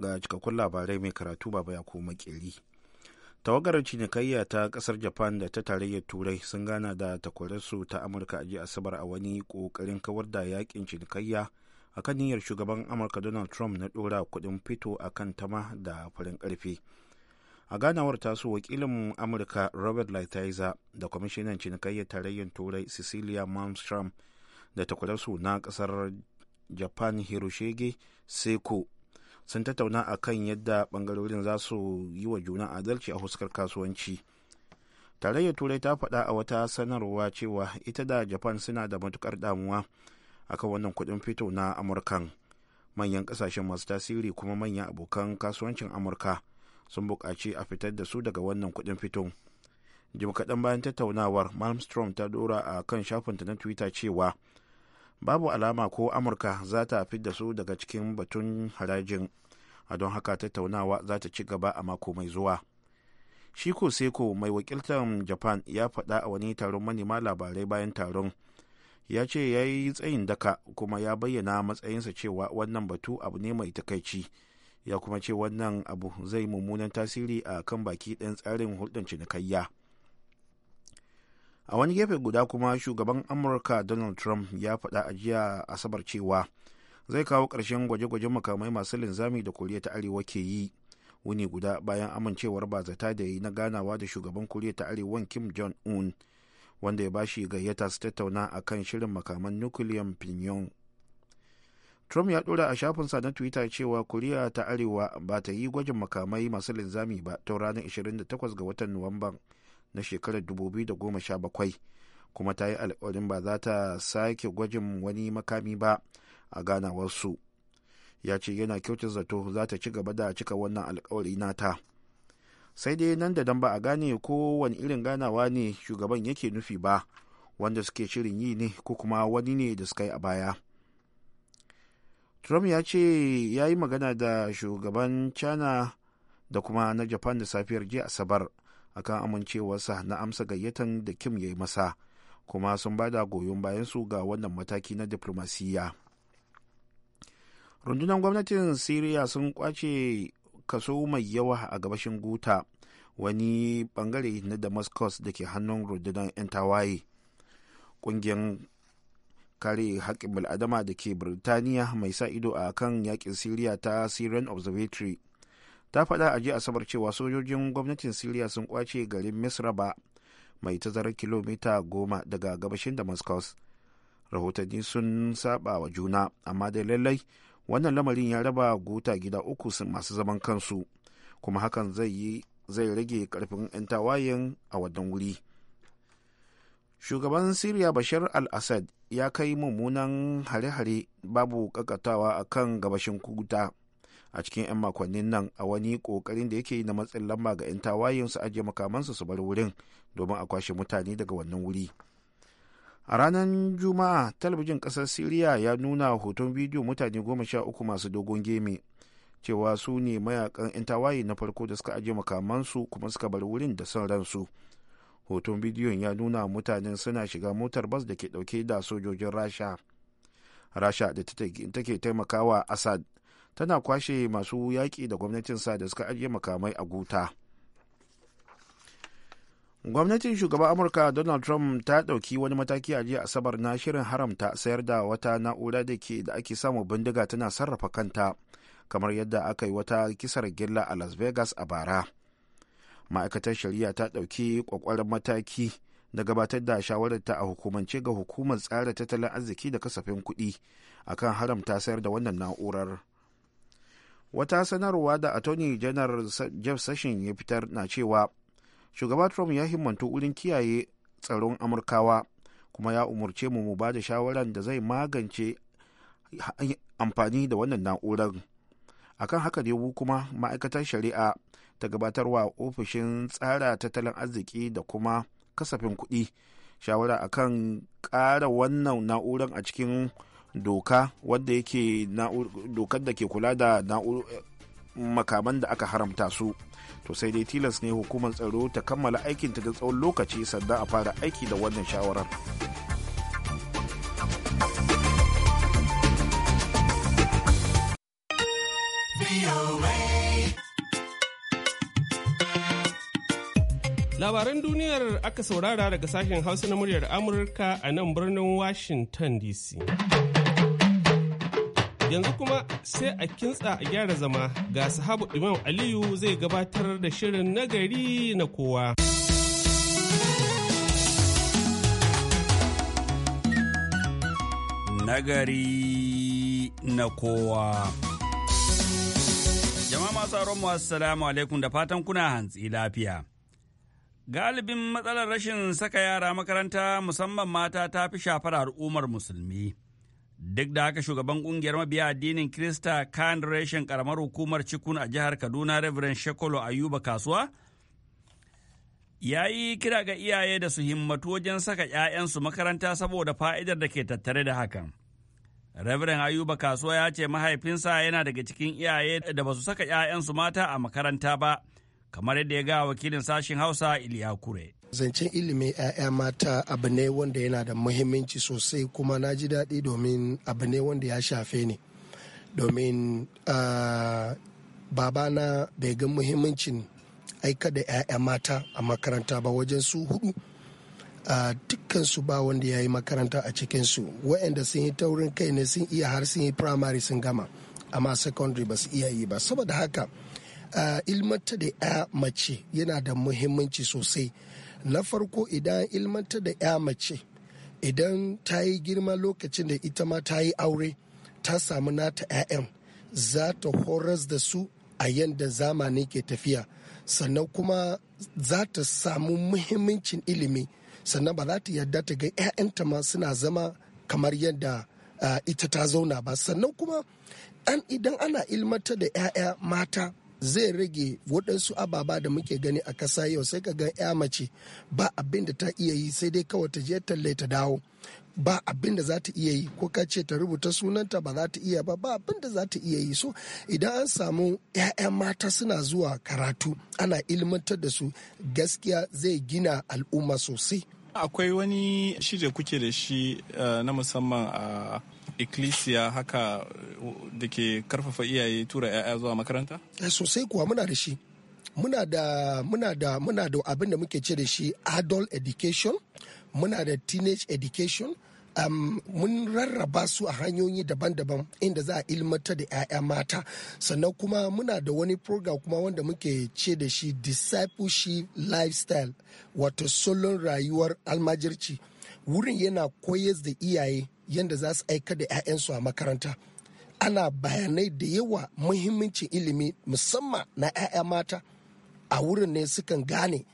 ga cikakkun labarai mai karatu baba ya koma makeri tawagar cinikayya ta kasar japan da ta tarayyar turai sun gana da takwararsu ta amurka a jiya asabar a wani kokarin kawar da yakin cinikayya a kan niyyar shugaban amurka donald trump na dora kudin fito a kan tama da farin karfe a ganawar tasu wakilin amurka robert lighthizer da kwamishinan cinikayyar tarayyar turai cecilia malmstrom da takwararsu na kasar japan hiroshige seko sun tattauna a kan yadda bangarorin za su yi wa juna adalci a huskar kasuwanci tarayyar turai ta faɗa a wata sanarwa cewa ita da japan suna da matukar damuwa akan wannan kuɗin fito na amurkan manyan ƙasashen masu tasiri kuma manyan abokan kasuwancin amurka sun buƙaci a fitar da su daga wannan kuɗin fito jim kaɗan bayan tattaunawar malmstrom ta dora a kan shafinta na twitter cewa babu alama ko amurka za ta fi da su daga cikin batun harajin a don haka tattaunawa za ta ci gaba a mako mai zuwa shiko seko mai wakiltar japan ya faɗa a wani taron manema labarai bayan taron ya ce ya yi tsayin daka kuma ya bayyana matsayinsa cewa wannan batu abu ne mai takaici ya kuma ce wannan abu zai mummunan tasiri a kan baki ɗan tsarin hulɗar cinikayya. a wani gefe guda kuma shugaban amurka donald trump ya faɗa a jiya asabar cewa zai kawo karshen gwaje-gwajen makamai masu linzami da koriya ta arewa ke yi wuni guda bayan amincewar bazata da yi na ganawa da shugaban koriya ta arewan kim jong un wanda ya bashi gayyata su tattauna a kan shirin makaman nukiliyan pinyon trump ya ɗora a shafinsa na twitter cewa koriya ta arewa ba ta yi gwajin makamai masu linzami ba ta ranar 28 ga watan nuwamban na shekarar 2017 kuma ta yi alkawarin ba za ta sake gwajin wani makami ba a ganawarsu ya ce yana kyautar zato za ta ci gaba da cika wannan alkawari nata sai dai nan da dan ba a gane ko wani irin ganawa ne shugaban yake nufi ba wanda suke shirin yi ne ko kuma wani ne da suka yi a baya trump ya ce ya yi magana da shugaban china da kuma na japan da safiyar jiya asabar akan amincewarsa na amsa gayyatan da kim ya yi masa kuma sun ba da goyon bayansu ga wannan mataki na diplomasiyya rundunar gwamnatin siriya sun kwace kaso mai yawa a gabashin guta wani bangare na damascus da ke hannun rundunar 'yan tawaye ƙungiyar kare haƙƙin bil'adama da ke birtaniya mai sa ido a kan yaƙin siriya ta syrian observatory ta faɗa a jiya asabar cewa sojojin gwamnatin siriya sun kwace garin misraba mai tazarar kilomita goma daga gabashin damascus rahotanni sun saba wa juna amma dai lallai wannan lamarin ya raba guta gida uku masu zaman kansu kuma hakan zai zai rage karfin 'yan tawayen a wannan wuri shugaban siriya bashar al-assad ya kai mummunan hare-hare babu kakatawa a kan gabashin kuta a cikin 'yan makonnin nan a wani kokarin da yake yi na matsin lamba ga 'yan tawayen su ajiye makamansu su bar wurin domin a kwashe mutane daga wannan wuri a ranar juma'a talabijin kasar siriya ya nuna hoton bidiyo mutane goma sha uku masu dogon gemi cewa su ne mayakan 'yan tawaye na farko da suka ajiye makamansu kuma suka bar wurin da son ransu hoton bidiyon ya nuna mutane suna shiga motar bas da ke dauke da sojojin rasha rasha da take taimakawa assad tana kwashe masu yaƙi da gwamnatin sa da suka ajiye makamai a guta gwamnatin shugaban amurka donald trump ta ɗauki wani mataki a jiya asabar na shirin haramta sayar da wata na'ura da ke da ake samu bindiga tana sarrafa kanta kamar yadda aka yi wata kisar gilla a las vegas a bara ma'aikatar shari'a ta ɗauki ƙwaƙwaran mataki da gabatar da shawararta a hukumance ga hukumar tsara tattalin arziki da kasafin kuɗi akan haramta sayar da wannan na'urar. wata sanarwa da attorney general jeff session ya fitar na cewa shugaba trump ya himmantu wurin kiyaye tsaron amurkawa kuma ya umarce mu mu ba da shawaran da zai magance amfani da wannan na'urar akan haka ne kuma ma'aikatar shari'a ta gabatarwa ofishin tsara tattalin arziki da kuma kasafin kuɗi shawara akan ƙara wannan na'urar a cikin doka wadda yake dokar da ke kula da makaman da aka haramta su to sai dai tilas ne hukumar tsaro ta kammala aikinta da tsawon lokaci sannan a fara aiki da wannan shawarar labaran duniyar aka saurara daga sashen hausa na muryar amurka a nan birnin washington dc Yanzu kuma sai a kintsa a gyara zama ga sahabu Imam Aliyu zai gabatar da shirin nagari na kowa. Nagari na kowa. Jama'a masu aron mu Assalamu alaikum da fatan kuna hantsi lafiya. Galibin matsalar rashin saka yara makaranta musamman mata ta fi shafar al'ummar musulmi. Duk da haka shugaban kungiyar mabiya addinin Krista kan reshen karamar hukumar Cikun a jihar Kaduna Reverend Shekolo Ayuba Kasuwa ya yi kira ga iyaye da su himmatu wajen saka 'ya'yansu makaranta saboda fa'idar da ke tattare da hakan. Reverend Ayuba Kasuwa ya ce mahaifinsa yana daga cikin iyaye da ba su saka 'ya'yansu mata a makaranta ba, kamar yadda ya ga wakilin sashen Hausa Iliya Kure. zancen ilimin 'ya'ya mata abu ne wanda yana da muhimmanci sosai kuma na ji daɗi domin abu ne wanda ya shafe ni domin ah, babana bai ga muhimmancin aika da 'ya'ya mata a makaranta ba wajen su hudu ah, dukkansu ba wanda ya yi makaranta a cikinsu waɗanda sun yi taurin kai ne sun iya har sun yi primary sun gama amma secondary ba su iya yi ba saboda haka ah, ilmanta da 'ya mace yana da muhimmanci sosai na farko idan ilmanta da ya mace idan ta yi girma lokacin da ita ma ta yi aure ta samu nata 'ya'yan za ta horas da su a yadda zamani ke tafiya sannan kuma za ta samu muhimmancin ilimi sannan ba za ta yarda ta ga 'ya'yanta ma suna zama kamar yadda ah, ita ta zauna ba sannan kuma idan ana ilmata da 'ya'ya mata zai rage waɗansu ababa da muke gani a ƙasa yau sai ka gan ya mace ba abin da ta iya yi sai dai kawai ta je talle ta dawo ba abin da za ta iya yi ko ka ce ta rubuta sunanta ba za ta iya ba ba abin da za ta iya yi so idan an samu 'ya'yan mata suna zuwa karatu ana ilmantar da su gaskiya zai gina al'umma sosai Akwai wani shirya kuke da shi eh, na musamman a ikkilisiya haka eh, da ke karfafa iyaye tura 'ya'ya zuwa makaranta? Eh, sosai kuwa muna da shi. Muna da muna da muna da abin da muke ce da shi adult education, muna da teenage education, mun rarraba su a hanyoyi daban-daban inda za a ilmata da 'ya'ya mata sannan kuma muna da wani program kuma wanda muke ce da shi discipleship lifestyle wato solon rayuwar almajirci wurin yana koyar da iyaye yadda za su aika da 'ya'yansu a makaranta ana bayanai da yawa muhimmancin ilimi musamman na 'ya'ya mata a wurin ne sukan gane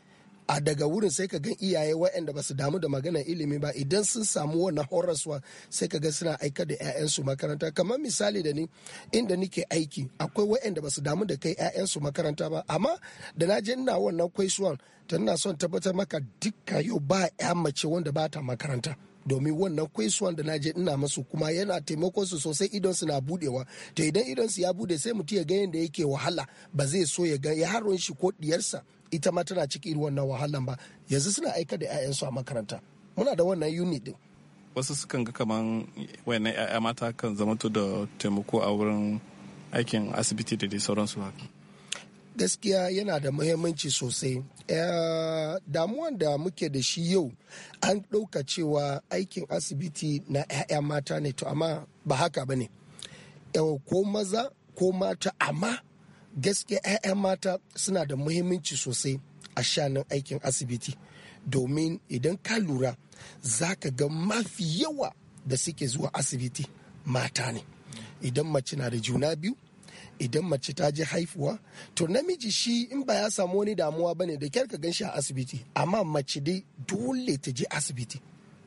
a daga wurin sai ka gan iyaye waɗanda ba su damu da magana ilimi ba idan sun samu wannan horaswa sai ka ga suna aika da 'ya'yansu makaranta kamar misali da ni inda nike aiki akwai waɗanda ba su damu da kai 'ya'yansu makaranta ba amma da na je ina wannan kwaisuwan tana son tabbatar maka dukka yau ba 'ya mace wanda ba ta makaranta domin wannan kwaisuwan da na je ina masu kuma yana taimakon su sosai idon su na budewa to idan idon su ya bude sai mutum ya ga yadda yake wahala ba zai so ya ga ya haron shi ko diyarsa ita ma tana ciki irin wannan wahalan ba yanzu suna aika da 'ya'yansu a makaranta muna da wannan unit din wasu sukan ga kaman wani 'ya'ya mata kan zamanto da taimako a wurin aikin asibiti da dai sauransu gaskiya yana da muhimmanci sosai eh, damuwan da muke da shi yau an ɗauka cewa aikin asibiti na 'ya'ya mata ne to amma ba haka ba ne ko maza ko mata amma gaskiya 'ya'yan mata suna da muhimmanci sosai a shanun aikin asibiti domin idan ka lura za ka ga mafi yawa da suke zuwa asibiti mata ne idan mace na da juna biyu idan mace ta je haifuwa to namiji shi in ba ya samu wani damuwa ba ne da kyar ka gan shi a asibiti amma mace dai dole ta je asibiti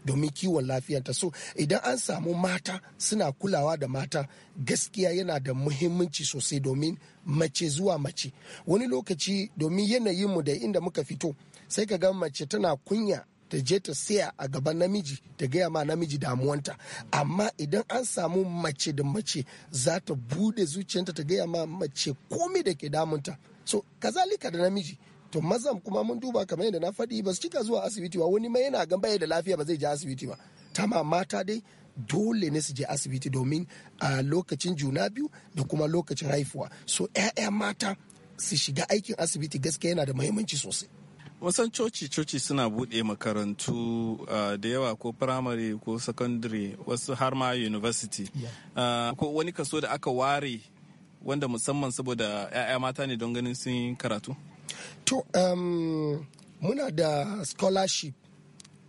domin kiwon lafiyarta so idan an samu mata suna kulawa da mata gaskiya yana da muhimmanci sosai domin mace zuwa mace wani lokaci domin yanayinmu da inda muka fito sai ka ga mace tana kunya ta je ta siya a gaban namiji ta gaya ma namiji damuwanta amma idan an samu mace da mace za ta bude zuciyanta ta gaya ma mace komai da ke damunta so kazalika da namiji to mazan kuma mun duba kamar yadda na faɗi ba su cika zuwa asibiti ba wani mai yana gan baya da lafiya ba zai je asibiti ba tama mata dai dole ne su je asibiti domin a lokacin juna biyu da kuma lokacin haifuwa so ƴaƴa mata su shiga aikin asibiti gaskiya yana da muhimmanci sosai wasan coci-coci suna buɗe makarantu da yawa ko primary ko secondary wasu har ma university ko wani kaso da aka ware wanda musamman saboda 'ya'ya mata ne don ganin sun karatu to um, muna da scholarship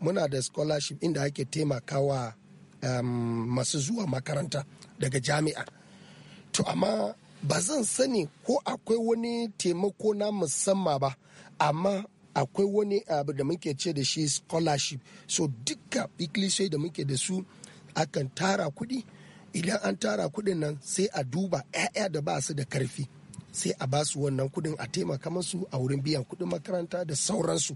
muna da scholarship inda ake taimakawa um, masu zuwa makaranta daga jami'a to amma ba zan sani ko akwai wani taimako na musamman ba amma akwai wani abu da muke ce da shi scholarship so duka ikilishai da muke da su akan tara kuɗi idan an tara kuɗin nan sai a duba 'ya'ya da ba su da karfi sai a ba su wannan kuɗin a taimaka masu a wurin biyan kuɗin makaranta da sauransu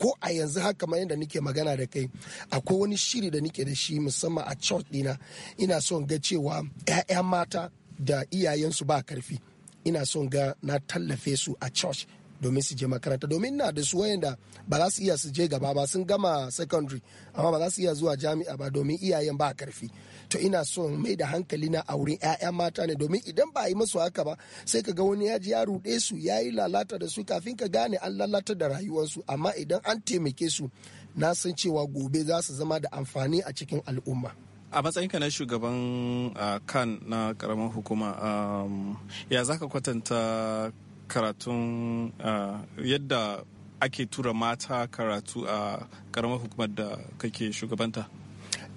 ko a yanzu haka kamar yadda nike magana da kai akwai wani shiri da nike da shi musamman a church dina ina son ga cewa 'ya'ya mata da iyayensu ba karfi ina son ga na tallafe su a church domin su je makaranta domin na da su wayanda ba za su iya su je gaba ba sun gama secondary amma ba za su iya zuwa jami'a ba domin iyayen ba karfi to ina so mai da hankali na wurin 'ya'yan mata ne domin idan ba a yi musu haka ba sai ka ga wani ya ji ya ruɗe su ya yi lalata da su kafin ka gane an lalata da rayuwarsu amma idan an taimake su na san cewa gobe za su zama da amfani a cikin al'umma a matsayinka na shugaban ah, kan na karamar hukuma ya za ka kwatanta karatun ah, yadda ake tura mata karatu a karamar hukumar da kake shugabanta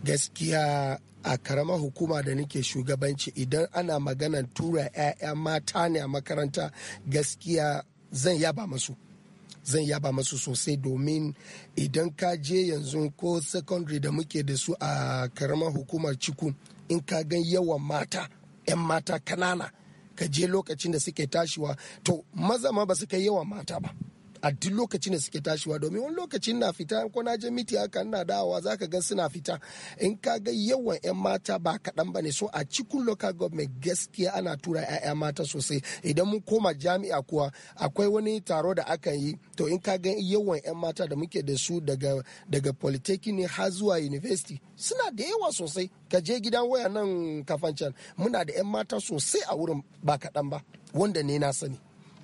gaskiya a karamar hukuma da nake shugabanci idan ana maganan tura 'ya'ya mata ne a makaranta gaskiya zan yaba masu zan yaba masu sosai domin idan ka je yanzu ko secondary da muke da su a karamar hukumar ciku in ka gan yawan mata 'yan mata kanana ka je lokacin da suke tashiwa to maza ma ba su kai yawan mata ba a duk lokacin da suke tashiwa domin wani lokacin na fita ko na je miti haka ina dawowa ka ga suna fita in ka ga yawan yan mata ba kaɗan ba ne so a cikin local government gaskiya ana tura 'ya'ya mata sosai idan mun koma jami'a kuwa akwai wani taro da akan yi to in ka ga yawan 'yan mata da muke da su daga daga polytechnic har zuwa university suna da yawa sosai ka je gidan waya nan kafancan muna da 'yan mata sosai a wurin ba kaɗan ba wanda ne na sani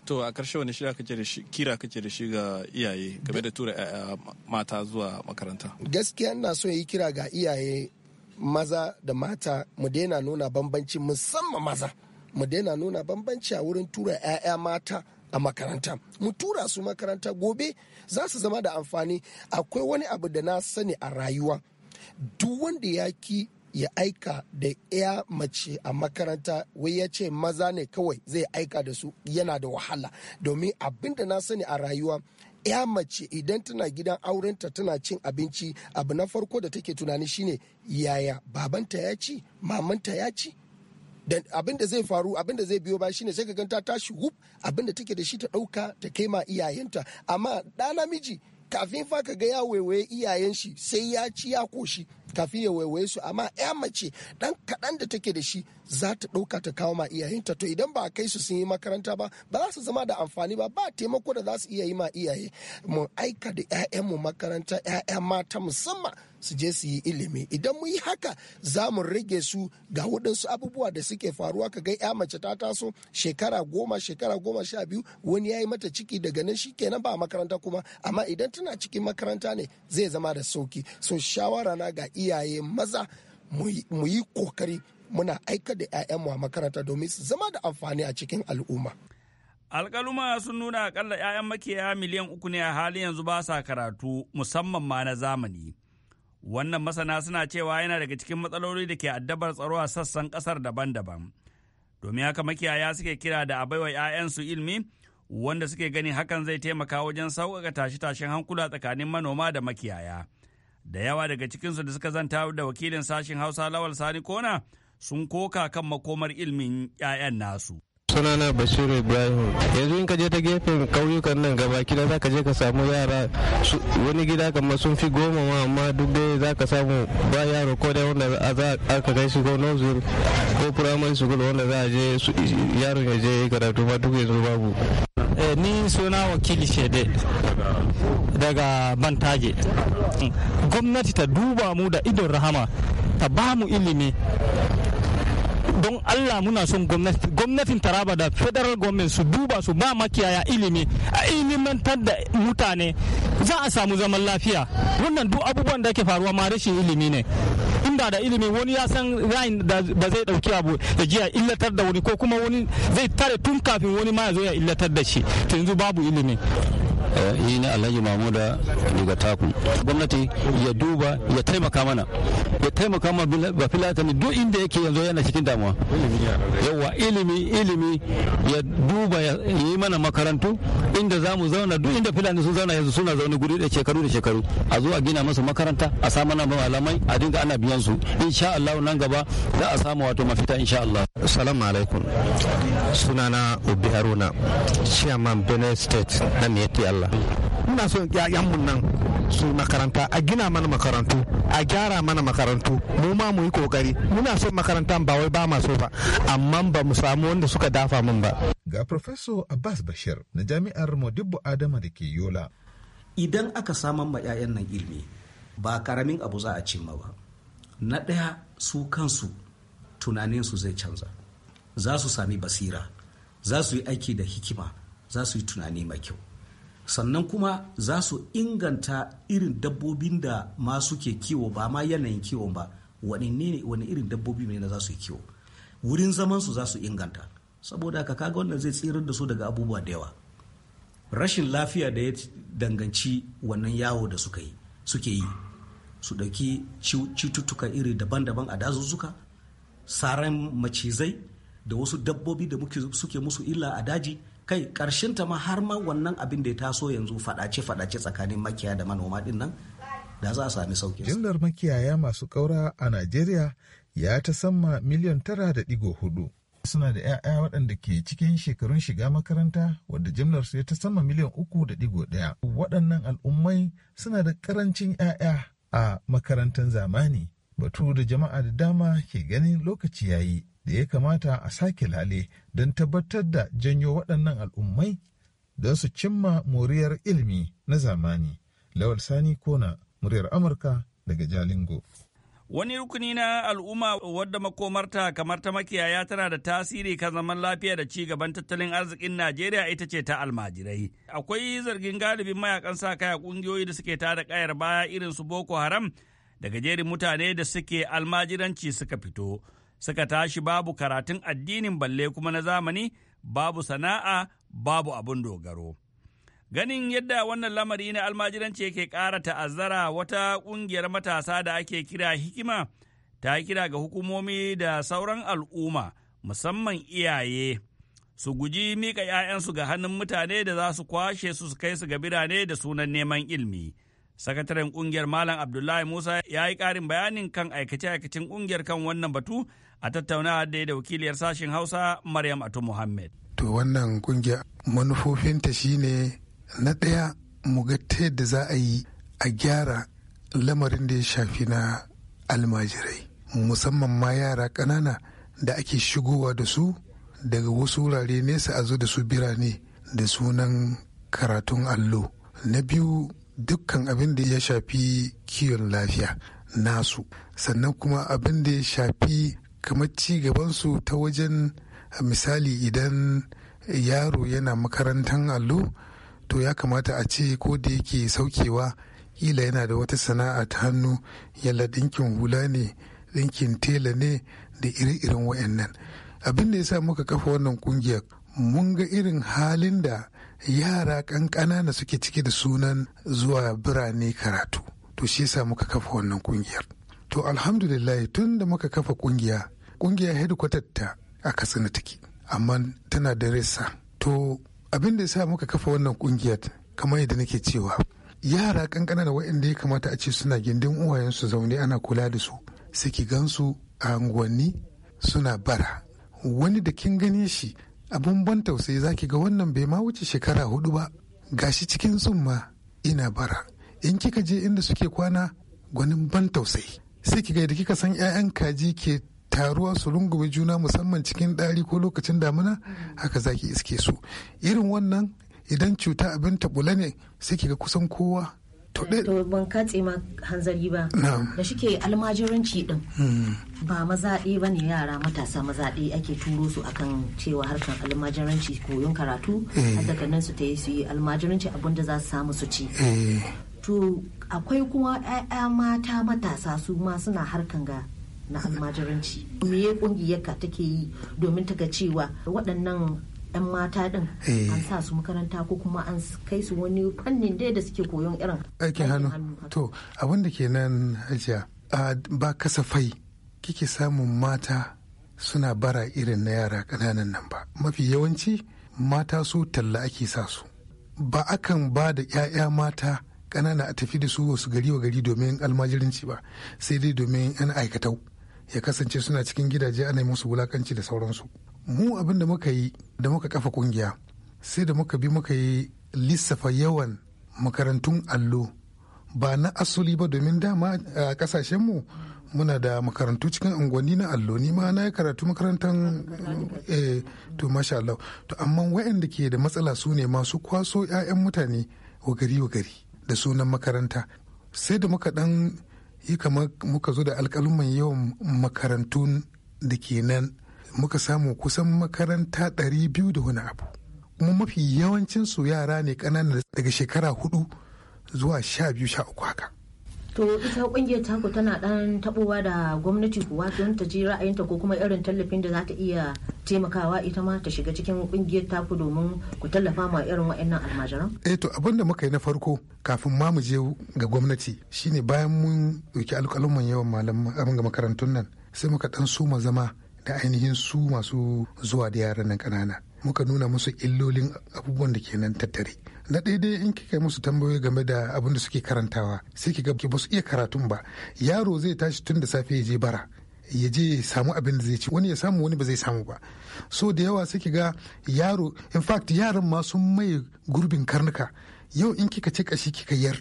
to a karshe wani shira kake da shi kira kake da shi ga iyaye game da tura mata zuwa makaranta gaskiya ina so yi kira ga iyaye maza da mata mu daina nuna bambanci musamman maza mu daina nuna bambanci a wurin tura 'ya'ya mata a makaranta mu tura su makaranta gobe za su zama da amfani akwai wani abu da na sani a rayuwa duk wanda ya ki ya aika da ya mace a makaranta wai ya ce maza ne kawai zai aika da su yana da wahala domin abin da na sani a rayuwa ya mace idan tana gidan aurenta tana cin abinci abu na farko da take tunani shine yaya babanta ya ci mamanta ya ci dan abin da zai faru abin da zai biyo ba shine sai ka ganta tashi wuf abin da take da shi ta dauka ta kai ma iyayenta amma da namiji miji kafin fa ka ga ya waiwaye iyayen shi sai ya ci ya koshi kafin ya waiwaye su amma ya mace dan kaɗan da take da shi za ta ɗauka ta kawo ma iyayenta to idan ba a kai su sun yi makaranta ba ba za su zama da amfani ba ba taimako da za su iya yi ma iyaye mu aika da mu makaranta 'ya'ya mata musamman su je su yi ilimi idan mu yi haka za mu rage su ga waɗansu abubuwa da suke faruwa ka ga ya mace ta taso shekara goma shekara goma sha biyu wani ya yi mata ciki daga nan shi kenan ba makaranta kuma amma idan tana cikin makaranta ne zai zama da sauki so shawara na ga iyaye maza mu yi kokari muna aika da 'ya'yanmu a makaranta domin su zama da amfani a cikin al'umma. Alƙaluma sun nuna akalla 'ya'yan makiyaya miliyan uku ne a halin yanzu ba sa karatu musamman ma na zamani. Wannan masana suna cewa yana daga cikin matsaloli da ke addabar tsaro a sassan ƙasar daban-daban. Domin haka makiyaya suke kira da a baiwa 'ya'yansu ilimi wanda suke gani hakan zai taimaka wajen sauƙaƙa tashe-tashen hankula tsakanin manoma da makiyaya. Da yawa daga cikinsu da suka zanta da wakilin sashen Hausa Lawal Sani Kona sun koka kan makomar ilimin 'ya'yan nasu. sunana bashir ibrahim yanzu in ka je ta gefen kauyukan nan gaba kida za ka je ka samu yara wani gida kama sun fi goma ma amma duk dai za ka samu ba yaro ko dai wanda za a ka kai shi ko nursery ko primary school wanda za a je yaro ya je karatu ba duk yanzu babu eh, ni suna wakili shede daga bantage gwamnati ta duba mu da idon rahama ta ba mu ilimi don allah muna son gwamnatin taraba da federal government su duba su ba makiyaya ilimi a ilimantar da mutane za a samu zaman lafiya wannan duk abubuwan da ke faruwa ma rashin ilimi ne inda da ilimi wani ya san rayin da zai dauki abu ya jiya ya illatar da wani ko kuma wani zai tare tun kafin wani ma ya zo ya illatar da shi yanzu babu ilimi yi eh, na alhaji mamuda daga takun gwamnati ya duba ya taimaka mana ya taimaka ma ba ne duk inda yake yanzu yana cikin damuwa yawa ilimi ilimi ya duba ya yi mana makarantu inda za mu zauna duk inda filani sun zauna yanzu suna zaune guri da shekaru da shekaru a zo a gina masa makaranta a sa mana malamai a dinga ana biyan su insha Allah nan gaba za a samu wato mafita insha Allah assalamu alaikum sunana ubi haruna chairman benin state na miyati Allah Allah ina so mun nan su makaranta a gina mana makarantu a gyara mana makarantu mu ma mu yi kokari muna so makaranta ba wai ba ma so ba amma ba mu samu wanda suka dafa min ba ga professor Abbas Bashir na jami'ar Modibbo Adama da ke Yola idan aka saman ma 'ya'yan nan ilimi ba karamin abu za a ma ba na ɗaya su kansu tunanin su zai canza za su sami basira za su yi aiki da hikima za su yi tunani mai kyau sannan kuma za su inganta irin dabbobin da masu ke kiwo ba ma yanayin kiwon ba wani irin dabbobi ne na za su yi kiwo wurin zaman su za su inganta saboda haka kaga wannan zai tsirar da su daga abubuwa da yawa rashin lafiya da ya danganci wannan yawo da suka yi suke yi su ɗauki cututtuka iri daban-daban a dazuzzuka saran macizai da wasu dabbobi da suke musu illa a daji kai karshen ta ma har ma wannan abin da ya taso yanzu fadace fadace tsakanin makiya da manoma din nan da za a sami sauki jimlar makiyaya masu kaura a Najeriya ya ta sama miliyan tara da digo hudu suna da 'ya'ya waɗanda ke cikin shekarun shiga makaranta wadda jimlarsu ya ta sama miliyan uku da digo ɗaya waɗannan al'ummai suna da ƙarancin 'ya'ya a makarantar zamani batu da jama'a da dama ke ganin lokaci yayi da ya kamata a sake lale don tabbatar da janyo waɗannan al'ummai don su cimma moriyar ilimi na zamani. Lawal Sani Kona, muryar Amurka daga Jalingo. Wani rukuni na al'umma wadda makomarta kamar ta makiyaya tana da tasiri kan zaman lafiya da ci gaban tattalin arzikin Najeriya ita ce ta almajirai. Akwai zargin galibin mayakan sa kaya kungiyoyi da suke tada kayar baya irin su Boko Haram daga jerin mutane da suke almajiranci suka fito. suka tashi babu karatun addinin balle kuma na zamani babu sana'a babu abin dogaro. Ganin yadda wannan lamari na almajiranci yake ƙara ta'azzara wata ƙungiyar matasa da ake kira hikima ta kira ga hukumomi da sauran al'umma musamman iyaye su guji mika 'ya'yansu ga hannun mutane da za su kwashe su su kai su ga birane da sunan neman ilmi. Sakataren ƙungiyar Malam Abdullahi Musa ya yi ƙarin bayanin kan aikace-aikacen ƙungiyar kan wannan batu a tattaunawa da da wakiliyar sashen hausa maryam atu muhammad to wannan kungiya manufofinta shine na ɗaya mu ga ta yadda za a yi a gyara lamarin da ya shafi na almajirai musamman ma yara ƙanana da ake shigowa da su daga wasu wurare nesa a zo da su birane da sunan karatun allo na biyu dukkan abin da ya shafi kiwon lafiya nasu sannan kuma abin da ya shafi kamar ci gabansu ta wajen misali idan yaro yana makarantar allo to ya kamata a ce ko da yake saukewa kila yana da wata sana'a ta hannu yalla ɗinkin hula ne ɗinkin tela ne da iri-irin wayannan abin da ya sa muka kafa wannan kungiyar mun ga irin halin da yara kankana na suke cike da sunan zuwa birane karatu to shi yasa muka kafa wannan kungiyar to alhamdulillah tun da muka kafa kungiya kungiyar headquarter ta a katsina take amma tana da resa to abin da ya sa muka kafa wannan kungiyar kamar yadda nake cewa yara kankana da waɗanda ya kamata a ce suna gindin uwayensu zaune ana kula da su sai ki gansu a unguwanni suna bara wani da kin gane shi abun ban tausayi zaki ga wannan bai ma wuce shekara hudu ba gashi cikin ma ina bara in kika je inda suke kwana gwanin ban tausayi sai ki ga da kika san 'ya'yan kaji ke taruwa su rungume juna musamman cikin ɗari ko lokacin damina haka zaki iske su irin wannan idan cuta abin taɓula ne sai ki ga kusan kowa to ban katse ma hanzari ba da shike almajiranci din hmm. ba maza ba ne yara matasa maza ake turo su akan cewa harkar almajiranci koyon karatu eh. a nan su ta yi su yi almajiranci abinda za su samu su ci eh. to akwai kuma 'ya'ya mata matasa su ma suna harkan ga na almajiranci me kungiyar ka take yi domin ta ga cewa waɗannan 'yan mata din eh. an sa su makaranta ko kuma an kai su wani fannin dai da suke koyon irin aikin hannu to abin da ke nan hajiya ba kasafai kike samun mata suna bara irin na yara ƙananan nan ba mafi yawanci mata su talla ake sa su ba akan ba da 'ya'ya mata ƙanana a tafi da su wasu gari wa gari domin almajiranci ba sai dai domin 'yan aikatau ya kasance suna cikin gidaje ana yi musu wulakanci da sauransu mu abin da muka yi da muka kafa kungiya sai da muka bi muka yi lissafa yawan makarantun allo ba na asali ba domin dama a ƙasashenmu. muna da makarantu cikin unguwanni na allo ni ma na karatu makarantar eh, to masha Allah to amma waɗanda ke da matsala su ne masu kwaso 'ya'yan mutane wagari wagari da sunan makaranta sai da muka dan yi kamar muka zo da alkaluman yawan makarantun da ke nan muka samu kusan makaranta ɗari biyu da wani abu kuma mafi yawancin su yara ne ƙanana daga shekara hudu zuwa sha biyu sha uku haka to ita kungiyar taku tana dan tabowa da gwamnati kuwa don ta ji ra'ayinta ko kuma irin tallafin da za ta iya taimakawa ita ma ta shiga cikin kungiyar taku domin ku tallafa ma irin wa'annan almajiran eh to abin da muka yi na farko kafin ma mu je ga gwamnati shine bayan mun dauki mun yawan malaman abin ga makarantun nan sai muka dan suma zama da ainihin su masu zuwa da yaran nan kanana muka nuna musu illolin abubuwan da ke nan tattare na daidai in kika musu tambayoyi game da abin da suke karantawa sai kiga ba su iya karatun ba yaro zai tashi tun da safe ya je bara ya je ya samu abin da zai ci wani ya samu wani ba zai samu ba so da yawa sai kiga yaro in fact yaran ma sun mai gurbin karnuka yau in kika ce kashi kika yar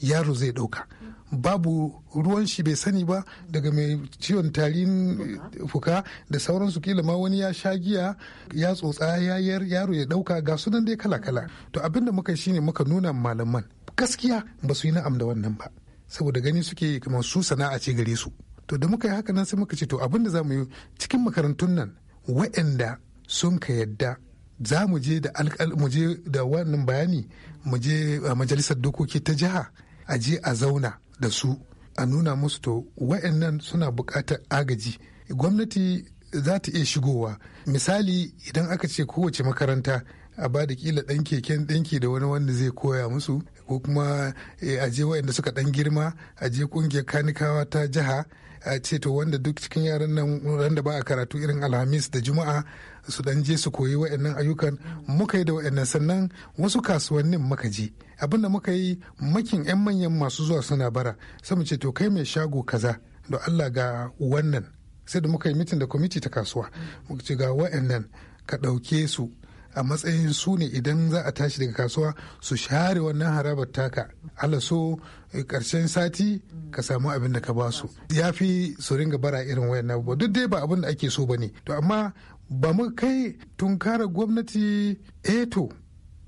yaro zai dauka babu ruwan shi bai sani ba daga mai ciwon tarin fuka da sauransu kila ma wani ya sha giya ya tsotsa ya yaro ya dauka ga sunan dai kala-kala to abin da muka shine muka nuna malaman gaskiya ba su yi na'am da wannan ba saboda gani suke kamar su sana'a ce gare su to da muka yi haka nan sai muka ce to abin da za mu yi cikin makarantun nan waɗanda sun ka yadda za mu je da mu je da wannan bayani mu je majalisar dokoki ta jiha a je a zauna da su a nuna musu to wa'annan suna buƙatar agaji gwamnati za ta iya shigowa misali idan aka ce kowace makaranta a ba da kila ɗan keken ɗinki da wani wanda zai koya musu ko kuma eh, a je wa'anda suka ɗan girma a je ƙungiyar kanikawa ta jiha a ce to wanda duk cikin yaran nan wanda ba a karatu irin alhamis da juma'a su dan je su koyi wa'annan ayyukan muka yi da wa'annan sannan wasu kasuwannin muka je abin da muka yi makin 'yan manyan masu zuwa suna bara sai ce to kai mai shago kaza da allah ga wannan sai da muka yi mitin da kwamiti ta kasuwa muka ce ga wa'annan ka ɗauke su a matsayin su ne idan za a tashi daga kasuwa su share wannan harabar taka ala so karshen eh, sati ka samu abin da ka ba su ya fi su ringa bara irin wayan Ba duk dai ba abin da ake so ba ne to amma ba mu kai tunkara gwamnati eto eh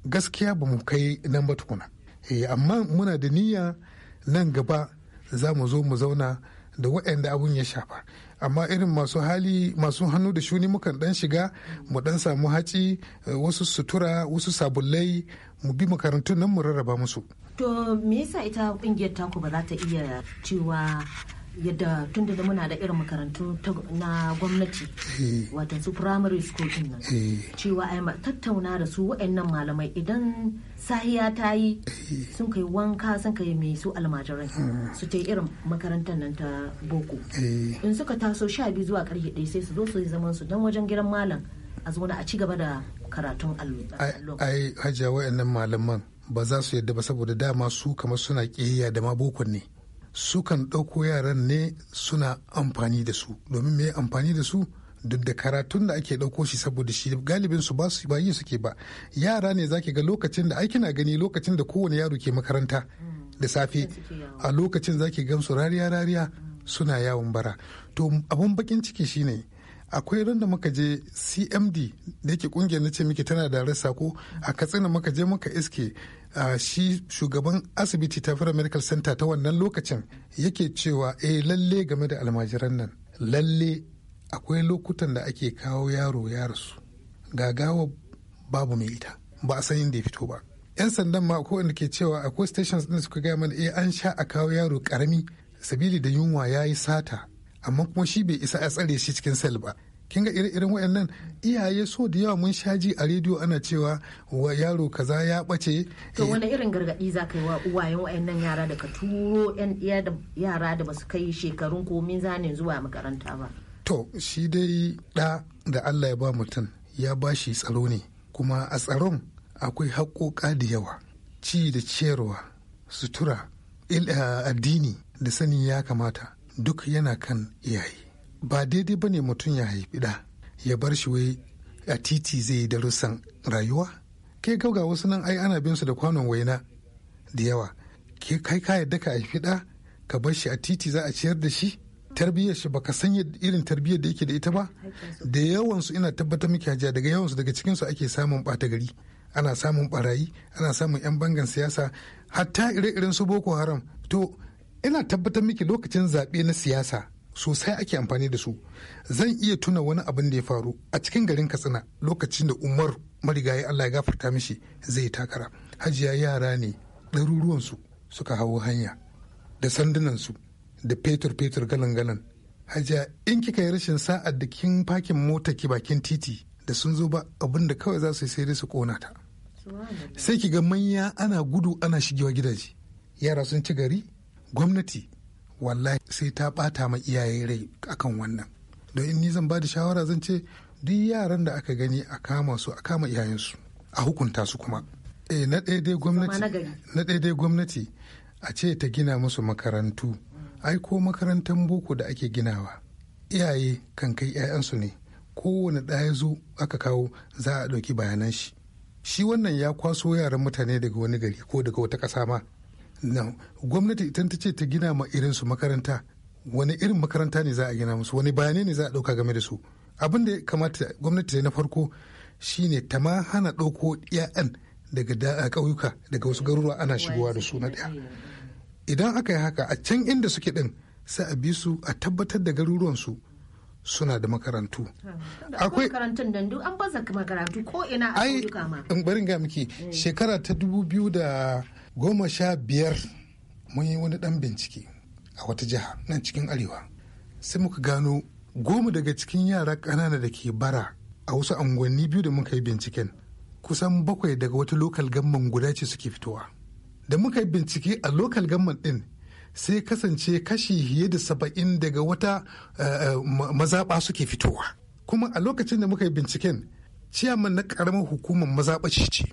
gaskiya ba mu kai nan ba tukuna eh, amma muna da niyya nan gaba za mu zo mu zauna da waɗanda abun ya shafa amma irin masu hali masu hannu da shuni mukan dan shiga mu dan samu haci eh, wasu sutura wasu sabulai mu bi makarantun nan mu rarraba musu to me yasa ita kungiyar taku ba za ta iya cewa yadda tunda da muna da irin makarantu na gwamnati eh. wata su primary school din nan eh. cewa ai tattauna da su wa'annan malamai idan sahiya ta yi eh. sun kai wanka sun kai mai su almajirai ah. su ta irin makarantar nan ta boko in suka taso sha biyu zuwa karfe ɗaya sai su zo su yi zaman su don wajen gidan malam a zo a ci gaba da karatun ai hajjawa wa'annan malaman ba za su yadda ba saboda dama su kamar suna ƙiyayya da ma bokon ne sukan ɗauko yaran ne suna amfani da su domin me amfani da su duk da karatun da ake ɗauko shi saboda shi galibin su ba su ba yi suke ba yara ne zaki ga lokacin da aiki na gani lokacin da kowane yaro ke makaranta da safe mm, a lokacin zaki gamsu rariya rariya mm. suna yawon bara to abun bakin ciki shine akwai ran da muka je cmd da yake kungiyar na ce miki tana da rasa ko a katsina muka je muka iske shi shugaban asibiti ta fara medical center ta wannan lokacin yake cewa eh lalle game da almajiran nan lalle akwai lokutan da ake kawo yaro ya rasu gagawa babu mai ita ba a san da ya fito ba yan sandan ma ko wanda ke cewa akwai stations din suka gaya mana eh an sha a kawo yaro karami sabili da yunwa ya yi sata amma kuma shi bai isa a tsare shi cikin sel ba kin ga irin waɗannan iyaye so da yawa mun sha ji a rediyo ana cewa wa yaro kaza ya bace to wani eh. irin gargadi za ka yi wa uwayen waɗannan yara da ka turo yan yara da basu kai shekarun komin zanen zuwa makaranta ba to shi dai ɗa da Allah ya ba mutum ya ba shi tsaro ne kuma a tsaron akwai haƙoƙa da yawa ci da ciyarwa sutura eh, addini da sani ya kamata duk yana kan iyaye ba daidai ba ne mutum ya haifi da ya bar shi wai a titi zai yi darussan rayuwa kai gauga wasu nan ai ana bin su da kwanon waina da yawa ke kai ka yadda ka haifi da ka bar shi a titi za a ciyar da shi tarbiyyar shi baka san irin tarbiyyar da yake da ita ba da yawan su ina tabbatar miki hajiya daga yawan su daga cikin su ake samun bata gari ana samun barayi ana samun yan bangan siyasa hatta ire-iren su boko haram to ina tabbatar miki lokacin zaɓe na siyasa sosai ake amfani da su zan iya tuna wani abin da ya faru a cikin garin katsina lokacin da umar marigayi allah ya gafarta mishi zai takara hajiya yara ne ɗaruruwansu suka hawo hanya da sandunansu da fetur fetur galan galan hajiya in kika yi rashin sa'ad da kin fakin mota ki bakin titi da sun zo ba abin da kawai za su sai dai su kona ta sai ki ga manya ana gudu ana shigewa gidaje yara sun ci gari gwamnati wallahi sai ta bata ma iyaye rai akan wannan don in ni zan ba da shawara zan ce duk yaran da aka gani a kama su a kama iyayensu a hukunta su kuma eh na daidai gwamnati na daidai gwamnati a ce ta gina musu makarantu ai ko makarantar boko da ake ginawa iyaye kan kai 'ya'yansu ne kowane ɗaya zo aka kawo za a ɗauki bayanan shi shi wannan ya kwaso yaran mutane daga wani gari ko daga wata ƙasa ma gwamnati idan ta ce ta gina ma irin su makaranta wani irin makaranta ne za a gina musu wani bayanai ne za a dauka game da su abin da kamata gwamnati na farko shine ta ma hana dauko 'ya'yan daga ƙauyuka daga wasu garuruwa ana shigowa da su na ɗaya idan aka yi haka a can inda suke din sai a bi su a tabbatar da garuruwansu suna da makarantu akwai makarantun dandu an baza makarantu ko ina a ƙauyuka ma in barin ga miki eh. shekara ta dubu biyu da goma sha biyar mun yi wani ɗan bincike a wata jiha nan cikin arewa sai muka gano goma daga cikin yara ƙanana da ke bara a wasu unguwanni biyu da muka yi binciken kusan bakwai daga wata lokal gamman guda ce suke fitowa da muka yi bincike a lokal gamman din sai kasance kashi fiye da saba'in daga wata eh, eh, mazaɓa suke fitowa kuma a lokacin da muka yi binciken ciyaman na ƙaramin hukumar mazaɓa ce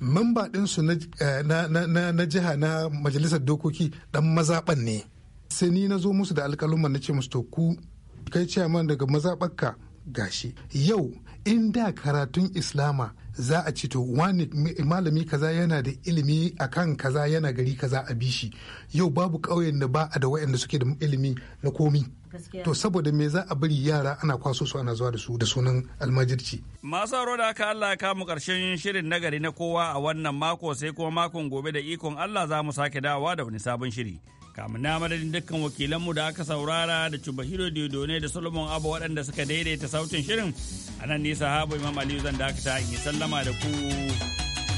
mamba ɗinsu eh, na jiha na majalisar dokoki ɗan mazaɓan ne sai ni na zo musu da alƙalumma na ce musu to ku kai ciyaman daga mazaɓarka gashi yau in da karatun islama za a ci to wani malami kaza yana da ilimi akan kaza yana gari kaza a bishi yau babu ƙauyen da ba a da waɗanda suke da ilimi na komi to saboda me za a bari yara ana kwaso su ana zuwa da su da sunan almajirci masu aro da aka Allah ka mu karshen shirin nagari na kowa a wannan mako sai kuma makon gobe da ikon Allah za mu sake dawowa da wani sabon shiri kamun na madadin dukkan wakilanmu da aka saurara da Chubahiro Diodone da Solomon Abu waɗanda suka daidaita sautin shirin a nan nisa habu Imam Aliyu zan dakata in yi sallama da ku